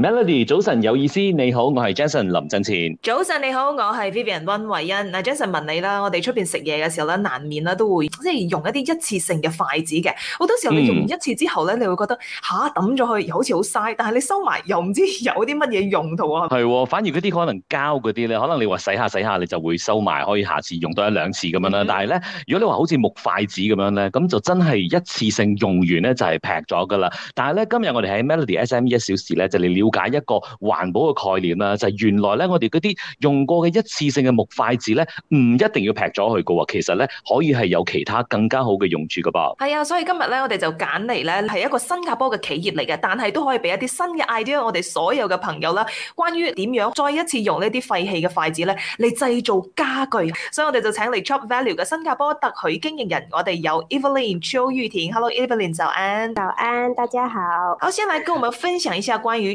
Melody，早晨有意思，你好，我係 Jason 林振前。早晨你好，我係 Vivian 溫慧欣。嗱，Jason 問你啦，我哋出邊食嘢嘅時候咧，難免啦都會即係用一啲一次性嘅筷子嘅。好多時候你用完一次之後咧，你會覺得吓抌咗去又好似好嘥，但係你收埋又唔知有啲乜嘢用途啊。係、哦，反而嗰啲可能膠嗰啲咧，可能你話洗下洗下，你就會收埋，可以下次用多一兩次咁樣啦、嗯。但係咧，如果你話好似木筷子咁樣咧，咁就真係一次性用完咧就係、是、劈咗噶啦。但係咧，今日我哋喺 Melody SME 一小時咧就嚟、是解一個環保嘅概念啦，就係原來咧，我哋嗰啲用過嘅一次性嘅木筷子咧，唔一定要劈咗佢嘅喎，其實咧可以係有其他更加好嘅用處嘅噃。係啊，所以今日咧，我哋就揀嚟咧係一個新加坡嘅企業嚟嘅，但係都可以俾一啲新嘅 idea，我哋所有嘅朋友啦，關於點樣再一次用呢啲廢棄嘅筷子咧嚟製造家具。所以我哋就請嚟 Job Value 嘅新加坡特許經營人，我哋有 Evelyn Chil 邱玉婷。Hello，Evelyn，早安。早安，大家好。好先，先嚟跟我們分享一下關於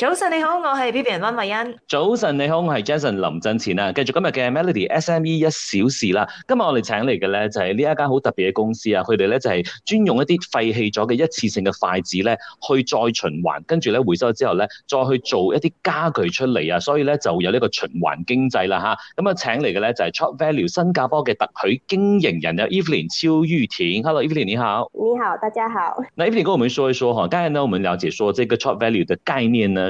早晨你好，我係 B B 人温慧欣。早晨你好，我係 Jason 林振前啊。繼續今日嘅 Melody SME 一小時啦。今日我哋請嚟嘅咧就係、是、呢一間好特別嘅公司啊。佢哋咧就係、是、專用一啲廢棄咗嘅一次性嘅筷子咧，去再循環，跟住咧回收之後咧，再去做一啲家具出嚟啊。所以咧就有呢個循環經濟啦吓。咁啊，請嚟嘅咧就係、是、Top Value 新加坡嘅特許經營人有 Evelyn 超于恬。Hello Evelyn 你好。你好，大家好。那 Evelyn 跟我們說一說吓。剛才呢，我們了解說呢、就是、個 Top Value 嘅概念呢。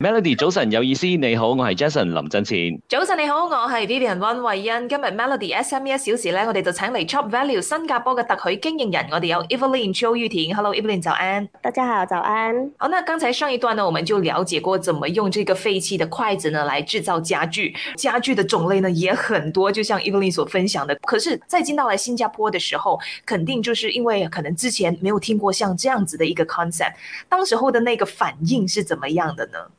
Melody 早晨有意思，你好，我係 Jason 林振前。早晨你好，我係 Vivian 温慧欣。今日 Melody S M S 小時 SME 一小時咧，我哋就請嚟 ChopValue 新加坡嘅特許經營人，我哋有 Evelyn 周玉婷。Hello Evelyn，早安。大家好，早安。好，那剛才上一段呢，我們就了解過，怎麼用這個廢棄的筷子呢，來製造家具。家具的種類呢，也很多，就像 Evelyn 所分享的。可是，在進到來新加坡的時候，肯定就是因為可能之前沒有聽過像這樣子的一個 concept，當時候的那個反應是怎麼樣的呢？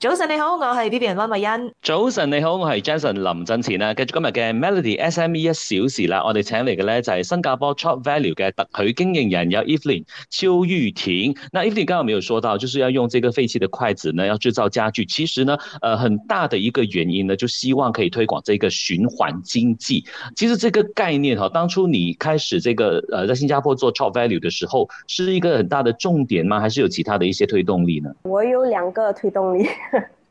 早晨你好，我係 B B 人溫慧欣。早晨你好，我係 Jason 林振前啦。跟住今日嘅 Melody S M E 一小時啦，我哋請嚟嘅咧就係、是、新加坡 Chop Value 嘅特許經營人，叫 Evelyn 邱玉婷。那 Evelyn 剛，剛剛有沒有說到，就是要用這個廢棄的筷子呢，要製造家具。其實呢，呃，很大的一個原因呢，就希望可以推廣這個循環經濟。其實這個概念哈，當初你開始這個，呃，在新加坡做 Chop Value 嘅時候，是一個很大的重點嗎？還是有其他的一些推動力呢？我有兩個推動力。